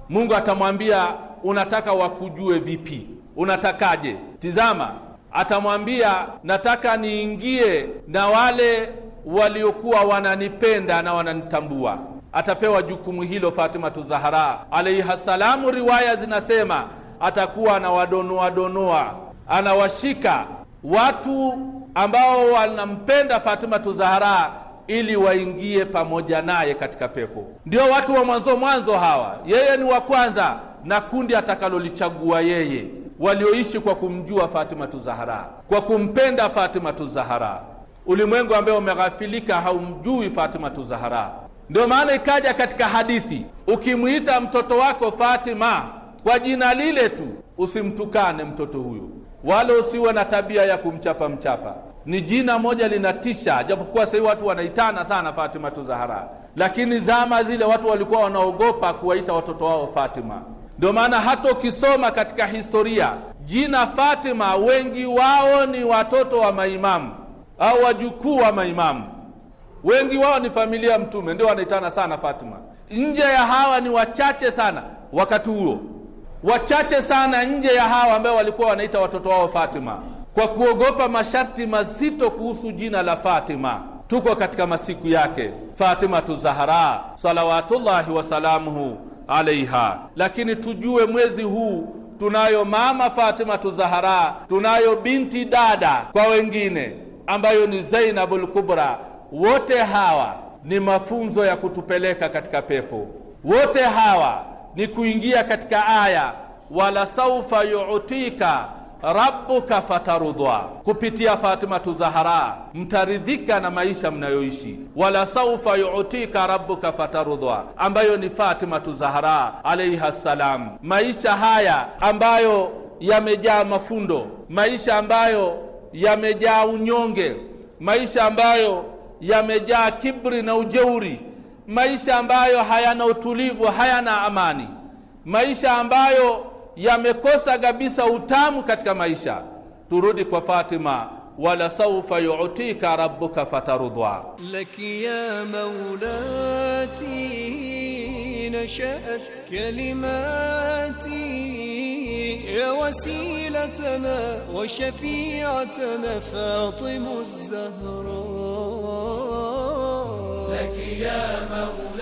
Mungu atamwambia unataka wakujue vipi? Unatakaje? Tizama, atamwambia nataka niingie na wale waliokuwa wananipenda na wananitambua. Atapewa jukumu hilo Fatimatu Zahara alaiha salamu. Riwaya zinasema atakuwa anawadonoa donoa, anawashika watu ambao wanampenda Fatimatu Zahara ili waingie pamoja naye katika pepo. Ndio watu wa mwanzo mwanzo hawa, yeye ni wa kwanza na kundi atakalolichagua yeye, walioishi kwa kumjua Fatima Tuzahara, kwa kumpenda Fatima Tuzahara. Ulimwengu ambaye umeghafilika haumjui Fatima Tuzahara. Ndio maana ikaja katika hadithi, ukimwita mtoto wako Fatima kwa jina lile tu, usimtukane mtoto huyo, wala usiwe na tabia ya kumchapa mchapa ni jina moja linatisha, japokuwa sahii watu wanaitana sana Fatima tu Zahara, lakini zama zile watu walikuwa wanaogopa kuwaita watoto wao Fatima. Ndio maana hata ukisoma katika historia jina Fatima, wengi wao ni watoto wa maimamu au wajukuu wa maimamu, wengi wao ni familia Mtume, ndio wanaitana sana Fatima. Nje ya hawa ni wachache sana, wakati huo wachache sana nje ya hawa ambao walikuwa wanaita watoto wao Fatima kwa kuogopa masharti mazito kuhusu jina la Fatima. Tuko katika masiku yake Fatimatu Zahara salawatullahi wasalamuhu alaiha, lakini tujue mwezi huu tunayo mama Fatimatu Zahara, tunayo binti dada kwa wengine ambayo ni zainabu lkubra Wote hawa ni mafunzo ya kutupeleka katika pepo, wote hawa ni kuingia katika aya wala saufa yutika rabbuka fatarudwa, kupitia Fatimatu Zahara mtaridhika na maisha mnayoishi. Wala saufa yutika rabbuka fatarudwa, ambayo ni Fatimatu Zahara alaiha ssalam. Maisha haya ambayo yamejaa mafundo, maisha ambayo yamejaa unyonge, maisha ambayo yamejaa kibri na ujeuri, maisha ambayo hayana utulivu, hayana amani, maisha ambayo yamekosa kabisa utamu katika maisha turudi kwa Fatima wala saufa yu'tika rabbuka fatarudwa laki ya maulati nashat kalimati ya wasilatana wa shafi'atana fatimu zahra laki ya maulati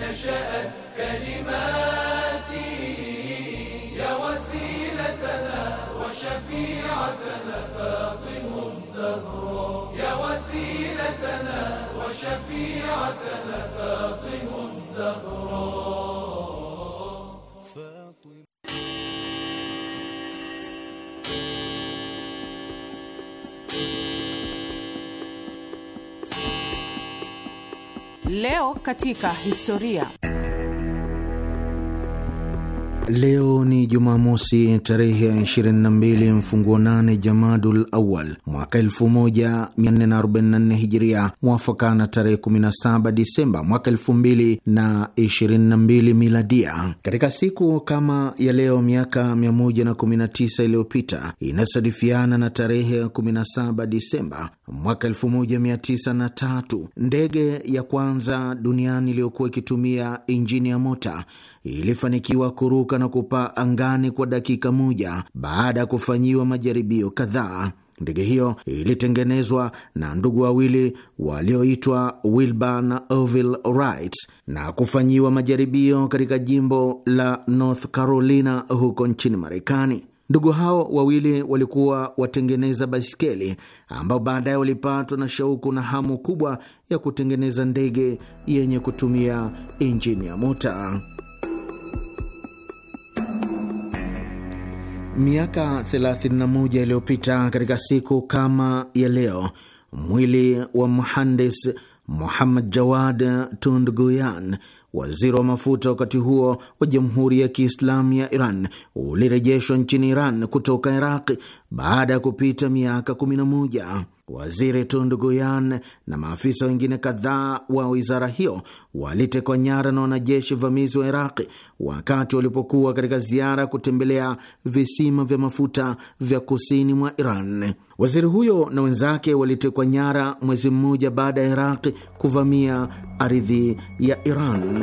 nashat kalimati شفيعتنا فاطم الزهراء يا وسيلتنا وشفيعتنا فاطم الزهراء فاطم Leo katika historia. Leo ni Jumamosi tarehe ya 22 mfunguo 8 Jamadul Awal mwaka 1444 Hijiria, mwafaka na tarehe 17 Disemba mwaka 2022 Miladia. Katika siku kama ya leo miaka 119 iliyopita, inasadifiana na tarehe 17 Disemba Mwaka 1903 ndege ya kwanza duniani iliyokuwa ikitumia injini ya mota ilifanikiwa kuruka na kupaa angani kwa dakika moja baada ya kufanyiwa majaribio kadhaa. Ndege hiyo ilitengenezwa na ndugu wawili walioitwa Wilbur na Orville Wright na kufanyiwa majaribio katika jimbo la North Carolina huko nchini Marekani. Ndugu hao wawili walikuwa watengeneza baiskeli ambao baadaye walipatwa na shauku na hamu kubwa ya kutengeneza ndege yenye kutumia injini ya mota. Miaka 31 iliyopita katika siku kama ya leo, mwili wa mhandis Muhammad Jawad Tundguyan Waziri wa mafuta wakati huo wa Jamhuri ya Kiislamu ya Iran ulirejeshwa nchini Iran kutoka iraq baada ya kupita miaka 11. Waziri Tundu Guyan na maafisa wengine kadhaa wa wizara hiyo walitekwa nyara na wanajeshi vamizi wa Iraqi wakati walipokuwa katika ziara ya kutembelea visima vya mafuta vya kusini mwa Iran. Waziri huyo na wenzake walitekwa nyara mwezi mmoja baada ya Iraqi kuvamia ardhi ya Iran.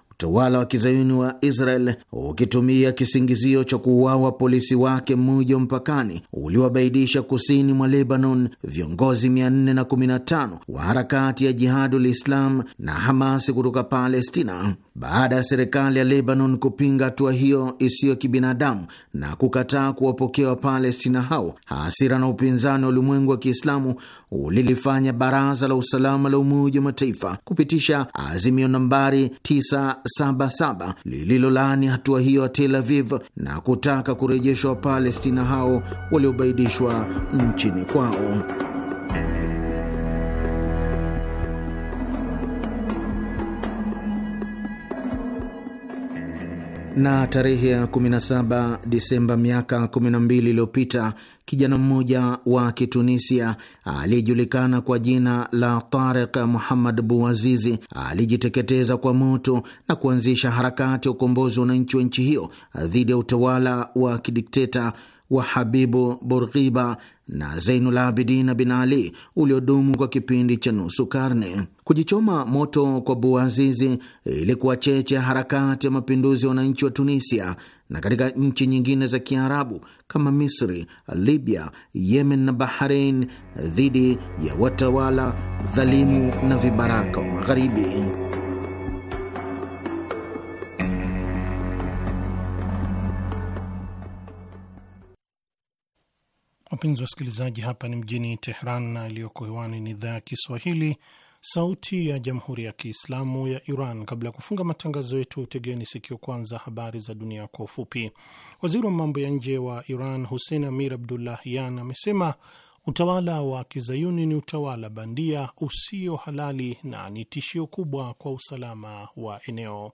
utawala wa kizayuni wa Israel ukitumia kisingizio cha kuuawa polisi wake mmoja mpakani uliwabaidisha kusini mwa Lebanon viongozi 415 wa harakati ya Jihadul Islam na Hamasi kutoka Palestina baada ya serikali ya Lebanon kupinga hatua hiyo isiyo kibinadamu na kukataa kuwapokea Wapalestina hao. Hasira na upinzani wa ulimwengu wa Kiislamu lilifanya Baraza la Usalama la Umoja wa Mataifa kupitisha azimio nambari 977 lililolaani hatua hiyo ya Tel Aviv na kutaka kurejeshwa Wapalestina hao waliobaidishwa nchini kwao. Na tarehe ya 17 Disemba miaka 12 iliyopita, kijana mmoja wa Kitunisia aliyejulikana kwa jina la tarik Muhammad Buazizi alijiteketeza kwa moto na kuanzisha harakati ya ukombozi wa wananchi wa nchi hiyo dhidi ya utawala wa kidikteta wa Habibu Burghiba na Zainul Abidin bin Ali uliodumu kwa kipindi cha nusu karne. Kujichoma moto kwa Buazizi ili kuwacheche harakati ya mapinduzi ya wananchi wa Tunisia na katika nchi nyingine za Kiarabu kama Misri, Libya, Yemen na Bahrain dhidi ya watawala dhalimu na vibaraka wa Magharibi. Wapenzi wasikilizaji, hapa ni mjini Tehran na iliyoko hewani ni idhaa ya Kiswahili, Sauti ya Jamhuri ya Kiislamu ya Iran. Kabla ya kufunga matangazo yetu, tegeni sikio kwanza habari za dunia kwa ufupi. Waziri wa mambo ya nje wa Iran Hussein Amir Abdullahian amesema utawala wa kizayuni ni utawala bandia usio halali na ni tishio kubwa kwa usalama wa eneo.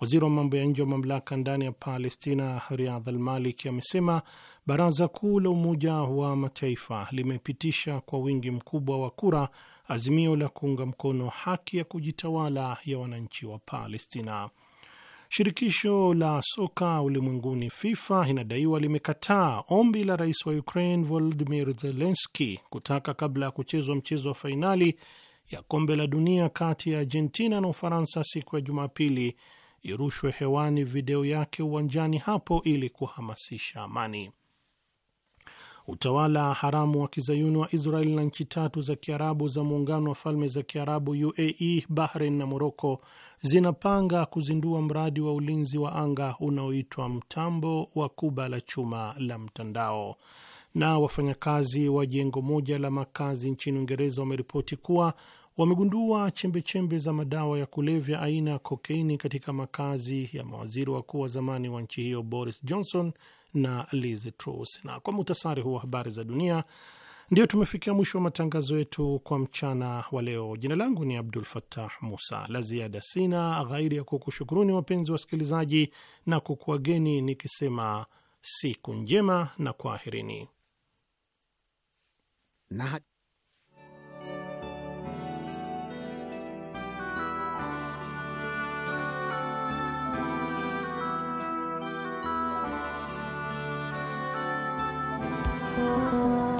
Waziri wa mambo ya nje wa mamlaka ndani ya Palestina Riadh Almalik amesema Baraza Kuu la Umoja wa Mataifa limepitisha kwa wingi mkubwa wa kura azimio la kuunga mkono haki ya kujitawala ya wananchi wa Palestina. Shirikisho la soka ulimwenguni FIFA inadaiwa limekataa ombi la rais wa Ukraine Volodimir Zelenski kutaka kabla ya kuchezwa mchezo wa fainali ya kombe la dunia kati ya Argentina na Ufaransa siku ya Jumapili irushwe hewani video yake uwanjani hapo ili kuhamasisha amani. Utawala haramu wa kizayuni wa Israel na nchi tatu za kiarabu za muungano wa falme za Kiarabu, UAE, Bahrain na Moroko zinapanga kuzindua mradi wa ulinzi wa anga unaoitwa mtambo wa kuba la chuma la mtandao. Na wafanyakazi wa jengo moja la makazi nchini Uingereza wameripoti kuwa wamegundua chembechembe za madawa ya kulevya aina ya kokaini katika makazi ya mawaziri wakuu wa zamani wa nchi hiyo Boris Johnson na Liz Truss. Na kwa muhtasari huu wa habari za dunia, ndio tumefikia mwisho wa matangazo yetu kwa mchana wa leo. Jina langu ni Abdul Fattah Musa. La ziada sina ghairi ya kukushukuruni wapenzi wasikilizaji, na kukuageni nikisema siku njema na kwaherini na Thank you.